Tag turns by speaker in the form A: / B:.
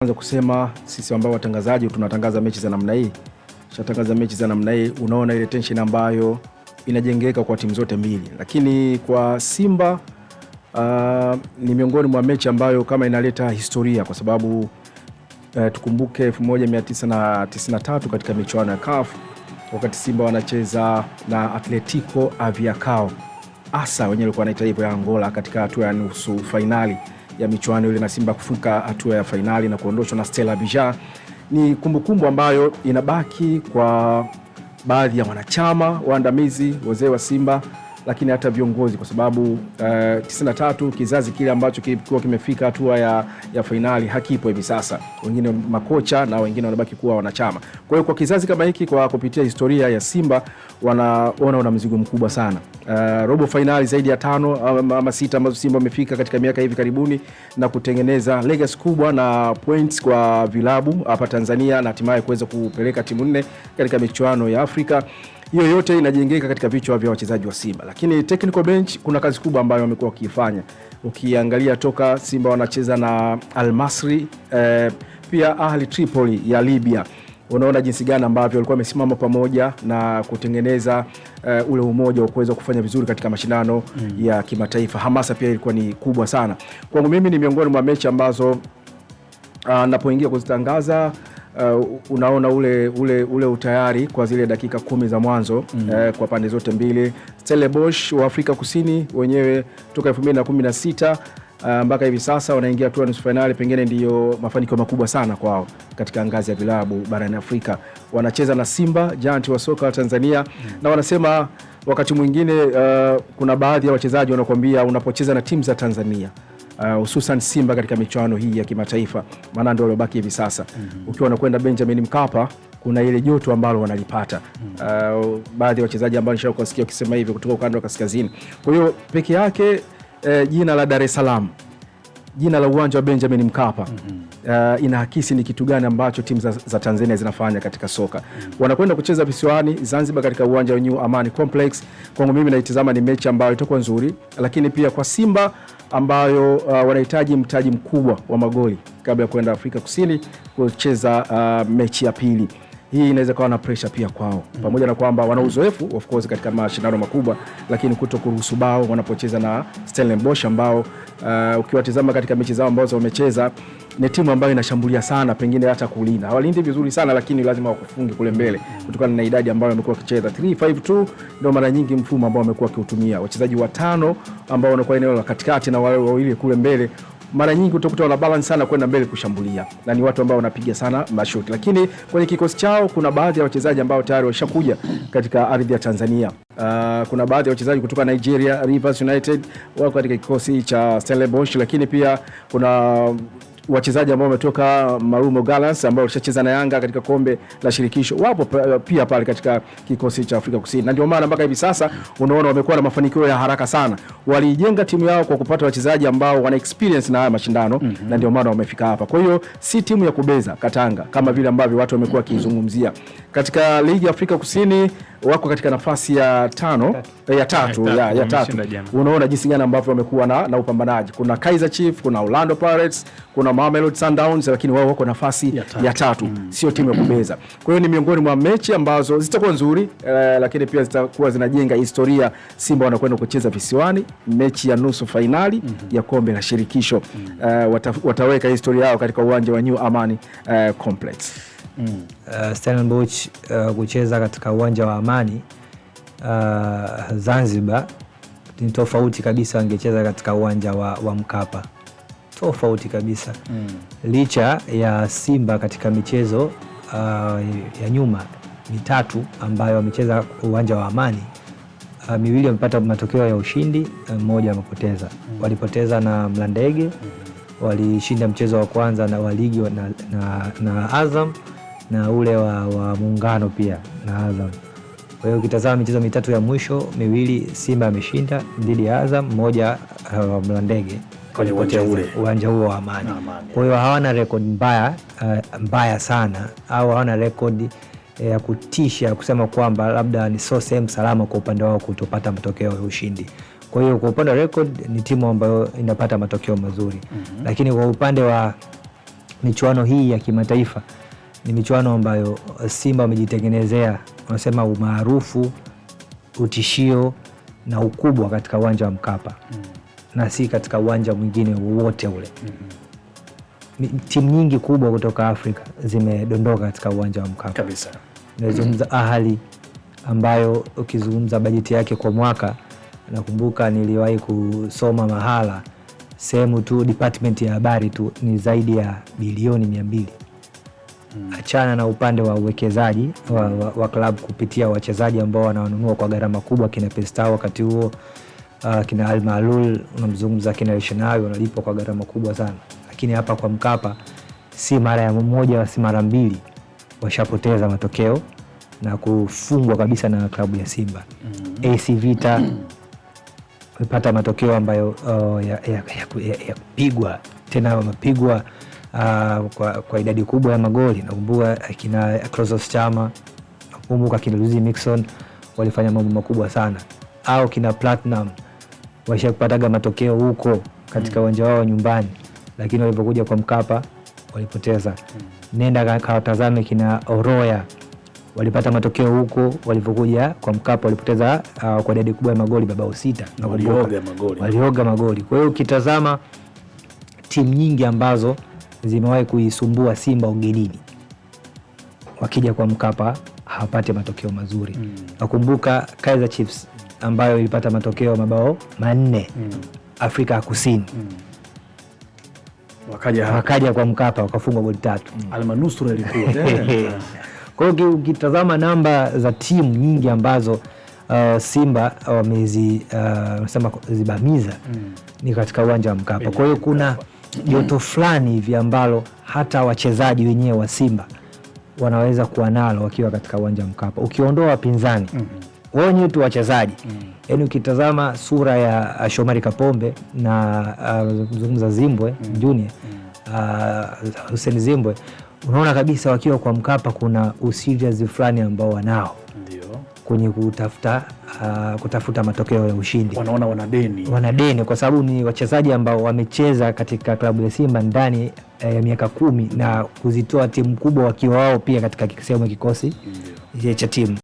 A: kwanza kusema sisi ambao watangazaji tunatangaza mechi za namna hii, shatangaza mechi za namna hii, unaona ile tension ambayo inajengeka kwa timu zote mbili, lakini kwa Simba uh, ni miongoni mwa mechi ambayo kama inaleta historia kwa sababu uh, tukumbuke 1993 katika michuano ya CAF wakati Simba wanacheza na Atletico Aviacao, asa wenyewe walikuwa wanaita hivyo ya Angola katika hatua ya nusu fainali ya michuano ile na Simba kufuka hatua ya fainali na kuondoshwa na Stella Bija ni kumbukumbu kumbu ambayo inabaki kwa baadhi ya wanachama waandamizi, wazee wa Simba lakini hata viongozi kwa sababu uh, eh, 93 kizazi kile ambacho kilikuwa kimefika hatua ya, ya fainali hakipo hivi sasa, wengine makocha na wengine wanabaki kuwa wanachama. Kwa hiyo kwa kizazi kama hiki, kwa kupitia historia ya Simba wanaona wana mzigo mkubwa sana. Uh, robo fainali zaidi ya tano ama sita ambazo Simba wamefika katika miaka hivi karibuni na kutengeneza legacy kubwa na points kwa vilabu hapa Tanzania na hatimaye kuweza kupeleka timu nne katika michuano ya Afrika hiyo yote inajengeka katika vichwa vya wachezaji wa Simba, lakini technical bench kuna kazi kubwa ambayo wamekuwa wakiifanya. Ukiangalia toka Simba wanacheza na Almasri eh, pia Ahli Tripoli ya Libya, unaona jinsi gani ambavyo walikuwa wamesimama pamoja na kutengeneza uh, ule umoja wa kuweza kufanya vizuri katika mashindano mm. ya kimataifa. Hamasa pia ilikuwa ni kubwa sana. Kwangu mimi ni miongoni mwa mechi ambazo uh, napoingia kuzitangaza uh, unaona ule, ule, ule utayari kwa zile dakika kumi za mwanzo mm. uh, kwa pande zote mbili. Stellenbosch wa Afrika Kusini wenyewe toka 2016 Uh, mpaka hivi sasa wanaingia tu nusu fainali, pengine ndiyo mafanikio makubwa sana kwao katika ngazi ya vilabu barani Afrika. Wanacheza na Simba Giant wa soka Tanzania mm. na wanasema wakati mwingine uh, kuna baadhi ya wachezaji wanakuambia unapocheza na timu za Tanzania Uh, hususan uh, Simba katika michuano hii ya kimataifa, maana ndio waliobaki hivi sasa mm -hmm. Ukiwa unakwenda Benjamin Mkapa kuna ile joto ambalo wanalipata mm -hmm. uh, baadhi ya wachezaji ambao nishaa kuwasikia wakisema hivyo kutoka ukanda wa kaskazini. Kwa hiyo peke yake eh, jina la Dar es Salaam jina la uwanja wa Benjamin Mkapa mm -hmm. uh, inaakisi ni kitu gani ambacho timu za, za Tanzania zinafanya katika soka mm -hmm. wanakwenda kucheza visiwani Zanzibar katika uwanja wa New Amani Complex. Kwangu mimi naitazama ni mechi ambayo itakuwa nzuri, lakini pia kwa Simba ambayo uh, wanahitaji mtaji mkubwa wa magoli kabla ya kwenda Afrika Kusini kucheza uh, mechi ya pili hii inaweza kuwa na pressure pia kwao, pamoja na kwamba wana uzoefu of course katika mashindano makubwa, lakini kuto kuruhusu bao wanapocheza na Stellenbosch ambao, uh, ukiwatizama katika mechi zao ambazo wamecheza ni timu ambayo inashambulia sana, pengine hata kulinda hawalindi vizuri sana, lakini lazima wakufunge kule mbele kutokana na idadi ambayo wamekuwa wakicheza. 352 ndio mara nyingi mfumo ambao wamekuwa wakiutumia, wachezaji watano ambao wanakuwa eneo la katikati na wale wawili kule mbele mara nyingi utakuta wana balance sana kwenda mbele kushambulia, na ni watu ambao wanapiga sana mashuti, lakini kwenye kikosi chao kuna baadhi ya wachezaji ambao tayari washakuja katika ardhi ya Tanzania. Uh, kuna baadhi ya wachezaji kutoka Nigeria, Rivers United wako katika kikosi cha Stellenbosch, lakini pia kuna wachezaji ambao wametoka Marumo Gallants ambao walishacheza na Yanga katika kombe la shirikisho wapo pia pale katika kikosi cha Afrika Kusini, na ndio maana mpaka hivi sasa unaona wamekuwa na mafanikio ya haraka sana. Walijenga timu yao kwa kupata wachezaji ambao wana experience na haya mashindano mm -hmm. na ndio maana wamefika hapa. Kwa hiyo si timu ya kubeza katanga kama vile ambavyo watu wamekuwa wakizungumzia. Katika ligi ya Afrika Kusini wako katika nafasi ya tano ya tatu ya, ya tatu. Unaona jinsi gani ambavyo wamekuwa na, na upambanaji. Kuna Kaizer Chiefs, kuna Orlando Pirates, kuna Mamelodi Sundowns, lakini wao wako nafasi ya tatu, ya tatu. Mm. Sio timu ya kubeza. Kwa hiyo ni miongoni mwa mechi ambazo zitakuwa nzuri eh, lakini pia zitakuwa zinajenga historia. Simba wanakwenda kucheza visiwani mechi ya nusu fainali mm -hmm. ya kombe la shirikisho mm -hmm. eh, wata, wataweka historia yao katika uwanja wa New Amani eh, Complex.
B: Mm. Uh, Stellenbosch uh, kucheza katika uwanja wa Amani uh, Zanzibar ni tofauti kabisa, wangecheza katika uwanja wa, wa Mkapa tofauti kabisa mm. Licha ya Simba katika michezo uh, ya nyuma mitatu ambayo wamecheza uwanja wa Amani uh, miwili wamepata matokeo ya ushindi, uh, mmoja wamepoteza mm. Walipoteza na Mlandege mm. Walishinda mchezo wa kwanza na wa ligi na, na, na Azam na ule wa, wa muungano pia na Azam. Kwa hiyo ukitazama michezo mitatu ya mwisho miwili Simba ameshinda dhidi ya Azam, mmoja wa uh, Mlandege
A: kwenye
B: uwanja huo wa Amani. Kwa hiyo hawana rekodi mbaya, uh, mbaya sana au hawana rekodi eh, ya kutisha kusema kwamba labda ni so sehemu salama kwa upande wao kutopata matokeo ya ushindi. Kwa hiyo kwa upande wa rekodi ni timu ambayo inapata matokeo mazuri mm -hmm. Lakini kwa upande wa michuano hii ya kimataifa ni michuano ambayo eh, Simba wamejitengenezea wanasema umaarufu, utishio na ukubwa katika uwanja wa Mkapa mm -hmm na si katika uwanja mwingine wowote ule. mm -hmm. Timu nyingi kubwa kutoka Afrika zimedondoka katika uwanja wa Mkapa kabisa. Nazungumza mm -hmm. Ahali ambayo ukizungumza bajeti yake kwa mwaka, nakumbuka niliwahi kusoma mahala sehemu tu department ya habari tu ni zaidi ya bilioni mia mbili. Hmm. Achana na upande wa uwekezaji wa, mm. wa, wa klabu kupitia wachezaji ambao wanawanunua kwa gharama kubwa kina wakati huo uh, kina Al maalul unamzungumza kina Leshanawi wanalipwa kwa gharama kubwa sana, lakini hapa kwa Mkapa si mara ya moja, si mara mbili washapoteza matokeo na kufungwa kabisa na klabu ya Simba. mm -hmm. AC Vita amepata matokeo ambayo uh, ya, ya, ya, ya kupigwa tena wamepigwa uh, kwa, kwa idadi kubwa ya magoli. Nakumbuka kina Clatous Chama, nakumbuka kina Luzi Mixon walifanya mambo makubwa sana, au kina Platinum washapataga matokeo huko katika mm. uwanja wao nyumbani, lakini walipokuja kwa Mkapa walipoteza. Mm. Nenda kawatazame kina Oroya walipata matokeo huko, walivyokuja kwa Mkapa walipoteza uh, kwa idadi kubwa ya magoli babao sita,
A: walioga magoli,
B: walioga magoli. Kwa hiyo ukitazama timu nyingi ambazo zimewahi kuisumbua Simba ugenini, wakija kwa Mkapa hawapate matokeo mazuri. Mm. Nakumbuka mm. Kaizer Chiefs ambayo ilipata matokeo mabao manne mm. Afrika ya Kusini mm. wakaja, wakaja kwa Mkapa wakafungwa goli tatu
A: mm. almanusura ilikuwa eh.
B: kwa hiyo ukitazama namba za timu nyingi ambazo Uh, Simba wamezisema uh, uh zibamiza mm. ni katika uwanja wa Mkapa. Kwa hiyo kuna joto mm. fulani hivi ambalo hata wachezaji wenyewe wa Simba wanaweza kuwa nalo wakiwa katika uwanja wa Mkapa, ukiondoa wapinzani mm wenyewe tu wachezaji mm. Yani ukitazama sura ya uh, Shomari Kapombe na mzungumza uh, Zimbwe mm. Junior mm. Uh, Hussein Zimbwe unaona kabisa wakiwa kwa Mkapa kuna usiriasi fulani ambao wanao kwenye kutafuta uh, kutafuta matokeo ya ushindi.
A: Wanaona wanadeni,
B: wanadeni kwa sababu ni wachezaji ambao wamecheza katika klabu ya Simba ndani eh, ya eh, miaka kumi na kuzitoa timu kubwa wakiwa wao pia katika sehemu ya kikosi cha timu.